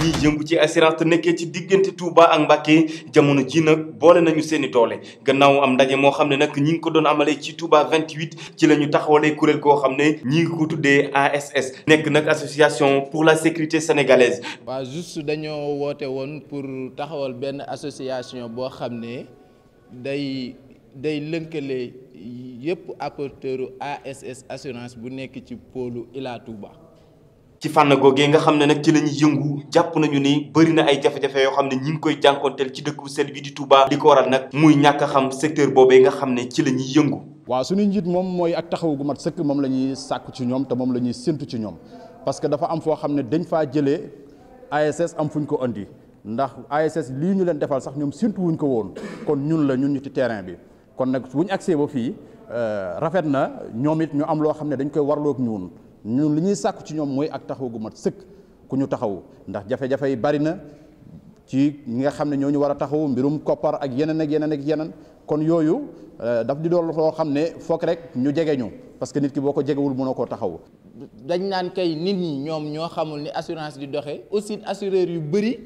yi yëngu ci assurance te nekkee ci diggante Touba ak Mbacké jamono ji nag boole nañu seen i doole gannaaw am ndaje moo xam ne nag ñi ngi ko doon amalee ci Touba 28 ci la ñu taxawalee kuréel goo xam ne ñi ngi ko tuddee ASS nekk nag association pour la sécurité sénégalaise. waaw juste dañoo woote woon pour taxawal benn association boo xam ne day day lënkale yëpp apporteuru ASS assurance bu nekk ci pôlu Ila Touba. ci fànn googee nga xam ne nag ci la ñuy yëngu jàpp nañu ni bëri na ay jafe-jafe yoo xam ne ñi ngi koy jànkonteel ci dëkk bu sell bi di Touba. li ko waral nag muy ñàkk a xam secteur boobee nga xam ne ci la ñuy yëngu. waaw suñu njiit moom mooy ak taxaw gu mat sëkk moom la ñuy sàkku ci ñoom te moom la ñuy séntu ci ñoom parce que dafa am foo xam ne dañ faa jëlee ASS am fuñ ko andi ndax ASS lii ñu leen defal sax ñoom séntu wuñ ko woon kon ñun la ñun ñu ci terrain bi kon nag bu ñu agsee ba fii euh, rafet na ñoom it ñu am loo xam ne dañ koy warloo ak ñun li ñuy sàkku ci ñoom mooy ak taxaw gu mat sëkk ku ñu taxaw ndax jafe-jafe yi bari na ci ñi nga xam ne ñoo ñu war a taxaw mbirum koppar ak yeneen ak yeneen ak yeneen kon yooyu euh, daf di doon loo xam ne foog rek ñu jege ñu parce que nit ki boo ko jegewul mënoo koo taxaw. dañ naan kay nit ñi ñoom ñoo xamul ni assurance di doxee aussi assureur yu bëri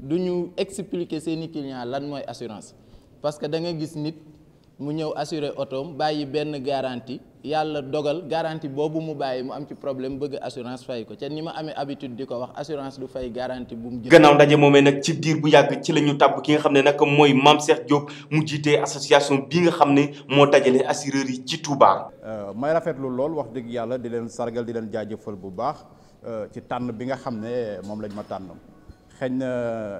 du ñu expliquer seeni clients lan mooy assurance parce que da nga gis nit mu ñëw assurer otoom bàyyi benn garantie. yàlla dogal garantie boobu mu bàyyi mu am ci problème bëgg assurance fay ko ca ni ma amee habitude di ko wax assurance du fay garantie bu mu jël gannaaw ndaje moomee nag ci diir bu yàgg ci la ñu tàbb ki nga xam ne nag mooy Mame Cheikh Diop mu jiitee association bi nga xam ne moo dajale assureurs yi ci Touba. Euh, may rafetlu lool wax dëgg yàlla di leen sargal di leen jaajëfal bu baax euh, ci tànn bi nga xam ne moom lañ ma tànn xëy na euh,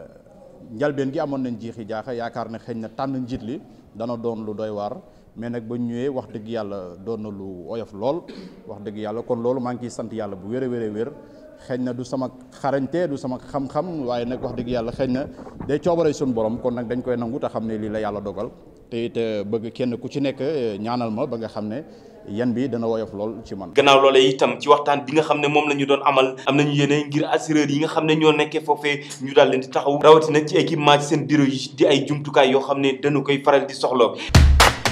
njalbeen gi amoon nañ jiixi jaaxa yaakaar na xëy na tànn njiit li dana doon lu doy waar mais nag ba ñëwee wax dëgg yàlla doon na lu oyof lool wax dëgg yàlla kon loolu maa ngi ciy sant yàlla bu wér wéree wér a xëy na du sama xarañte du sama xam-xam waaye nag wax dëgg yàlla xëy na day coobare suñu borom kon nag dañ koy nangu te xam ne lii la yàlla dogal te it euh, bëgg kenn ku ci nekk euh, ñaanal ma ba nga xam ne yan bi dana woyof lool ci man. gannaaw loola itam ci waxtaan bi nga xam ne moom la ñu doon amal am nañu yéene ngir assureur yi nga xam ne ñoo nekkee foofee ñu daal leen di taxaw rawatina ci équipement ci seen bureau yi di ay jumtukaay yoo xam ne dañu koy faral di soxla.